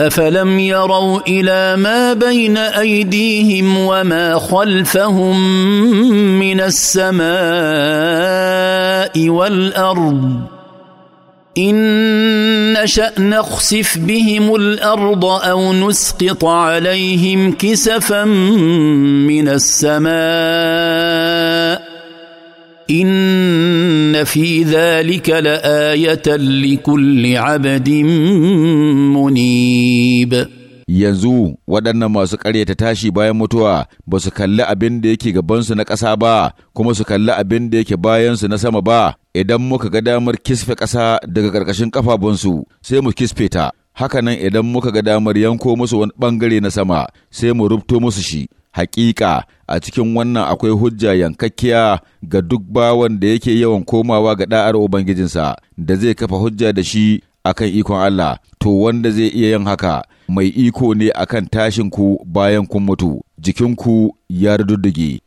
افلم يروا الى ما بين ايديهم وما خلفهم من السماء والارض ان نشا نخسف بهم الارض او نسقط عليهم كسفا من السماء ان في ذلك لايه لكل عبد yanzu waɗannan masu ƙaryata tashi bayan mutuwa ba su kalli abin da yake gabansu na ƙasa ba kuma su kalli abin da yake bayansu na sama ba idan muka ga damar kisfe ƙasa daga ƙarƙashin ƙafafunsu sai mu kisfe ta hakanan idan muka ga damar yanko musu wani ɓangare na sama sai mu rubto musu shi hakika a cikin wannan akwai hujja yankakkiya ga duk bawan da yake yawan komawa ga da'ar ubangijinsa da zai kafa hujja da shi akan ikon Allah to wanda zai iya yin haka mai iko ne akan tashin ku bayan kun mutu jikinku ya rududdige